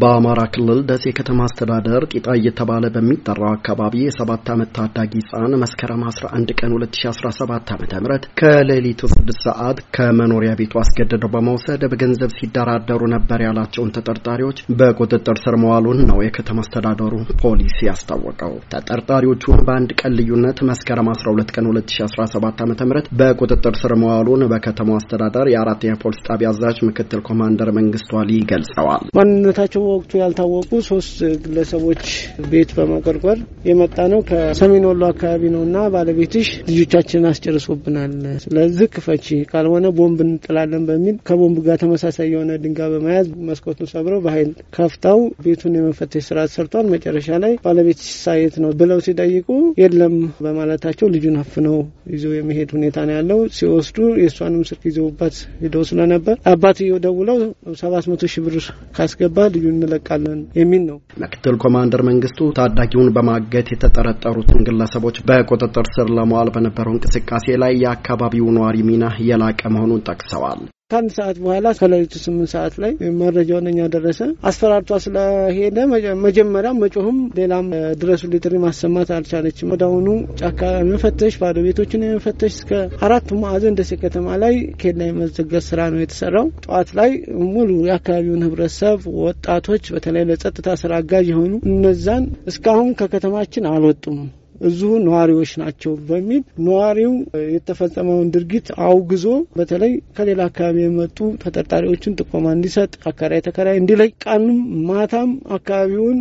በአማራ ክልል ደሴ ከተማ አስተዳደር ጢጣ እየተባለ በሚጠራው አካባቢ የሰባት ዓመት ታዳጊ ህፃን መስከረም 11 ቀን 2017 ዓ ም ከሌሊቱ ስድስት ሰዓት ከመኖሪያ ቤቱ አስገድደው በመውሰድ በገንዘብ ሲደራደሩ ነበር ያላቸውን ተጠርጣሪዎች በቁጥጥር ስር መዋሉን ነው የከተማ አስተዳደሩ ፖሊስ ያስታወቀው። ተጠርጣሪዎቹን በአንድ ቀን ልዩነት መስከረም 12 ቀን 2017 ዓ ም በቁጥጥር ስር መዋሉን በከተማው አስተዳደር የአራተኛ ፖሊስ ጣቢያ አዛዥ ምክትል ኮማንደር መንግስቱ አሊ ገልጸዋል። ማንነታቸው ወቅቱ ያልታወቁ ሶስት ግለሰቦች ቤት በመቆርቆር የመጣ ነው። ከሰሜን ወሎ አካባቢ ነው እና ባለቤትሽ ልጆቻችንን አስጨርሶብናል፣ ስለዚህ ክፈቺ፣ ካልሆነ ቦምብ እንጥላለን በሚል ከቦምብ ጋር ተመሳሳይ የሆነ ድንጋይ በመያዝ መስኮቱን ሰብረው በኃይል ከፍተው ቤቱን የመፈተሽ ስርዓት ሰርቷል። መጨረሻ ላይ ባለቤት ሳየት ነው ብለው ሲጠይቁ የለም በማለታቸው ልጁን አፍነው ይዘው የመሄድ ሁኔታ ነው ያለው። ሲወስዱ የእሷንም ስልክ ይዘውባት ሂደው ስለነበር አባትየው ደውለው ሰባት መቶ ሺህ ብር ካስገባ ልዩ እንለቃለን የሚል ነው። ምክትል ኮማንደር መንግስቱ ታዳጊውን በማገት የተጠረጠሩትን ግለሰቦች በቁጥጥር ስር ለመዋል በነበረው እንቅስቃሴ ላይ የአካባቢው ነዋሪ ሚና የላቀ መሆኑን ጠቅሰዋል። ከአንድ ሰዓት በኋላ ከሌሊቱ ስምንት ሰዓት ላይ መረጃውን እኛ ደረሰ። አስፈራርቷ ስለሄደ መጀመሪያ መጮህም ሌላም ድረሱ ሊጥሪ ማሰማት አልቻለችም። ወደ አሁኑ ጫካ የመፈተሽ ባዶ ቤቶችን የመፈተሽ እስከ አራቱ ማዕዘን ደሴ ከተማ ላይ ኬላ የመዘገብ ስራ ነው የተሰራው። ጠዋት ላይ ሙሉ የአካባቢውን ህብረተሰብ፣ ወጣቶች በተለይ ለጸጥታ ስራ አጋዥ የሆኑ እነዛን እስካሁን ከከተማችን አልወጡም። እዚሁ ነዋሪዎች ናቸው በሚል ነዋሪው የተፈጸመውን ድርጊት አውግዞ በተለይ ከሌላ አካባቢ የመጡ ተጠርጣሪዎችን ጥቆማ እንዲሰጥ አከራይ ተከራይ እንዲለይ፣ ቀንም ማታም አካባቢውን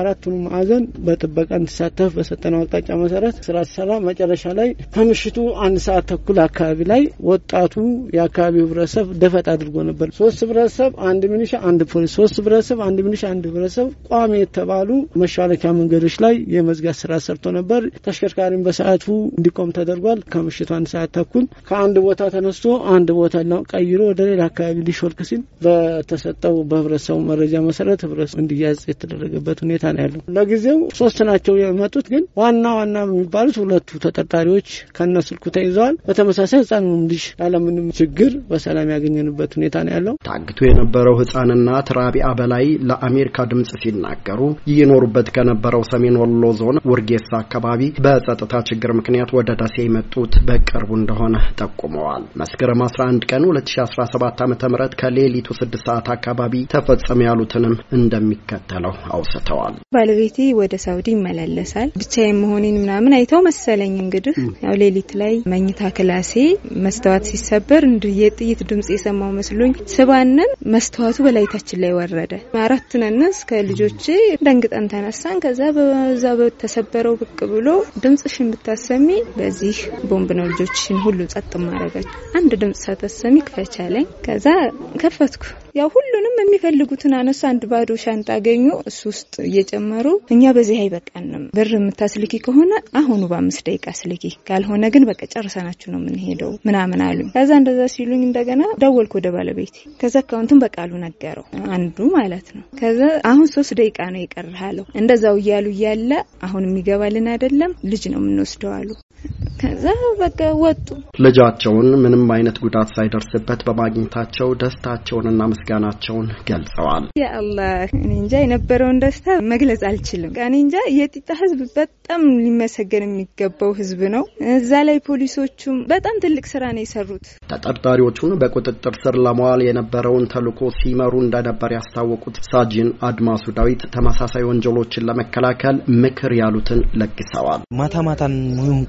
አራቱን ማዕዘን በጥበቃ እንዲሳተፍ በሰጠነው አቅጣጫ መሰረት ስራ ሰራ። መጨረሻ ላይ ከምሽቱ አንድ ሰዓት ተኩል አካባቢ ላይ ወጣቱ የአካባቢው ህብረተሰብ ደፈጥ አድርጎ ነበር። ሶስት ህብረተሰብ፣ አንድ ሚኒሻ፣ አንድ ፖሊስ፣ ሶስት ህብረተሰብ፣ አንድ ሚኒሻ፣ አንድ ህብረተሰብ ቋሚ የተባሉ መሻለኪያ መንገዶች ላይ የመዝጋት ስራ ሰርቶ ነበር። ነበር። ተሽከርካሪም በሰዓቱ እንዲቆም ተደርጓል። ከምሽቱ አንድ ሰዓት ተኩል ከአንድ ቦታ ተነስቶ አንድ ቦታ ቀይሮ ወደ ሌላ አካባቢ ሊሾልክ ሲል በተሰጠው በህብረተሰቡ መረጃ መሰረት ህብረተሰቡ እንዲያዝ የተደረገበት ሁኔታ ነው ያለው። ለጊዜው ሶስት ናቸው የመጡት፣ ግን ዋና ዋና የሚባሉት ሁለቱ ተጠርጣሪዎች ከነ ስልኩ ተይዘዋል። በተመሳሳይ ህጻኑም ልጅ ያለምንም ችግር በሰላም ያገኘንበት ሁኔታ ነው ያለው። ታግቶ የነበረው ህጻንና ትራቢያ በላይ ለአሜሪካ ድምጽ ሲናገሩ ይኖሩበት ከነበረው ሰሜን ወሎ ዞን ውርጌሳ አካባቢ በጸጥታ ችግር ምክንያት ወደ ደሴ የመጡት በቅርቡ እንደሆነ ጠቁመዋል። መስከረም 11 ቀን 2017 ዓ ም ከሌሊቱ 6 ሰዓት አካባቢ ተፈጸመ ያሉትንም እንደሚከተለው አውስተዋል። ባለቤቴ ወደ ሳውዲ ይመላለሳል። ብቻዬን መሆኔን ምናምን አይተው መሰለኝ እንግዲህ ያው ሌሊት ላይ መኝታ ክላሴ መስተዋት ሲሰበር እንዲ የጥይት ድምጽ የሰማው መስሎኝ ስባንን መስተዋቱ በላይታችን ላይ ወረደ። አራት ነን እስከ ልጆቼ ደንግጠን ተነሳን። ከዛ በዛ በተሰበረው ብቅ ብሎ ድምጽሽን ብታሰሚ በዚህ ቦምብ ነው ልጆችሽን ሁሉ ጸጥ ማረጋችሁ። አንድ ድምጽ ሳታሰሚ ክፈቻለኝ። ከዛ ከፈትኩ። ያው ሁሉንም የሚፈልጉትን አነሱ። አንድ ባዶ ሻንጣ አገኙ። እሱ ውስጥ እየጨመሩ እኛ በዚህ አይበቃንም፣ ብር የምታስልኪ ከሆነ አሁኑ በአምስት ደቂቃ ስልኪ፣ ካልሆነ ግን በቃ ጨርሰናችሁ ነው የምንሄደው ምናምን አሉኝ። ከዛ እንደዛ ሲሉኝ እንደገና ደወልኩ ወደ ባለቤቴ። ከዛ አካውንቱን በቃሉ ነገረው አንዱ ማለት ነው። ከዛ አሁን ሶስት ደቂቃ ነው የቀረሃለው እንደዛው እያሉ እያለ አሁን የሚገባልን አይደለም ልጅ ነው የምንወስደው አሉ። ከዛ በቃ ወጡ። ልጃቸውን ምንም አይነት ጉዳት ሳይደርስበት በማግኘታቸው ደስታቸውንና ምስጋናቸውን ገልጸዋል። የአላህ እኔ እንጃ የነበረውን ደስታ መግለጽ አልችልም። እኔ እንጃ የጢጣ ህዝብ በጣም ሊመሰገን የሚገባው ህዝብ ነው። እዛ ላይ ፖሊሶቹም በጣም ትልቅ ስራ ነው የሰሩት። ተጠርጣሪዎቹን በቁጥጥር ስር ለመዋል የነበረውን ተልዕኮ ሲመሩ እንደነበር ያስታወቁት ሳጅን አድማሱ ዳዊት ተመሳሳይ ወንጀሎችን ለመከላከል ምክር ያሉትን ለግሰዋል። ማታ ማታን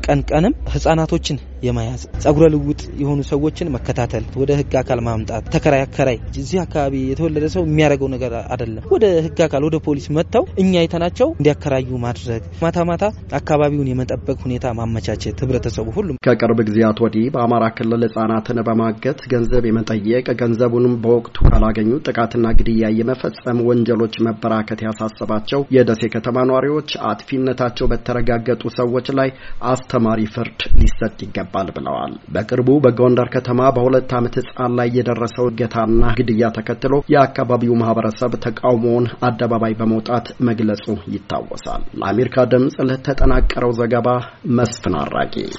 ቀን ቀንም ህጻናቶችን የመያዝ ጸጉረ ልውጥ የሆኑ ሰዎችን መከታተል፣ ወደ ህግ አካል ማምጣት፣ ተከራይ አከራይ እዚህ አካባቢ የተወለደ ሰው የሚያደርገው ነገር አይደለም። ወደ ህግ አካል ወደ ፖሊስ መጥተው እኛ የተናቸው እንዲያከራዩ ማድረግ፣ ማታ ማታ አካባቢውን የመጠበቅ ሁኔታ ማመቻቸት፣ ህብረተሰቡ ሁሉም ከቅርብ ጊዜያት ወዲህ በአማራ ክልል ህጻናትን በማገት ገንዘብ የመጠየቅ ገንዘቡንም በወቅቱ ካላገኙ ጥቃትና ግድያ የመፈጸም ወንጀሎች መበራከት ያሳሰባቸው የደሴ ከተማ ነዋሪዎች አጥፊነታቸው በተረጋገጡ ሰዎች ላይ አስተማሪ ፍርድ ሊሰጥ ይገባል ይገባል ብለዋል። በቅርቡ በጎንደር ከተማ በሁለት ዓመት ህጻን ላይ የደረሰው እገታና ግድያ ተከትሎ የአካባቢው ማህበረሰብ ተቃውሞውን አደባባይ በመውጣት መግለጹ ይታወሳል። ለአሜሪካ ድምፅ ለተጠናቀረው ዘገባ መስፍን አራጌ